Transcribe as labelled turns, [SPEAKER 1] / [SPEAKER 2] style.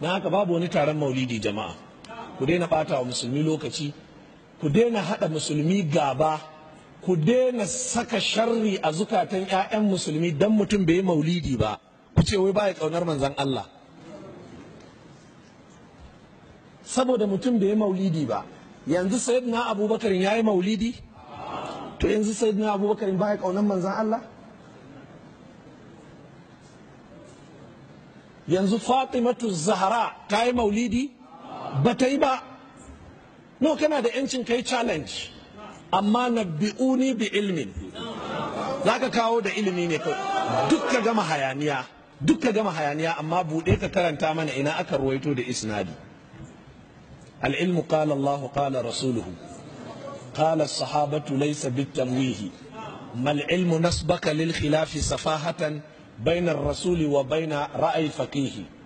[SPEAKER 1] don haka babu wani taron maulidi jama'a ku daina bata wa musulmi lokaci ku daina haɗa musulmi gaba ku daina saka sharri a zukatan 'ya'yan musulmi don mutum bai yi maulidi ba ku ce wai baya ƙaunar manzan Allah saboda mutum bai yi maulidi ba yanzu sayyidina abubakar ya yi maulidi to yanzu sayyidina abubakar baya ƙaunar manzan Allah yanzu fatimatu zahara ta yi maulidi ba ta yi ba no kana da yancin kai challenge amma nabbi'uni bi ilmin za ka kawo da ilimi ne kai? duk ka gama hayaniya duk ka gama hayaniya amma buɗe ka karanta mana ina aka ruwaito da isnadi العلم قال الله قال رسوله قال الصحابة ليس بالتمويه ما العلم نسبك للخلاف سفاهة bainar rasuli wa baina ra'ayi faqihi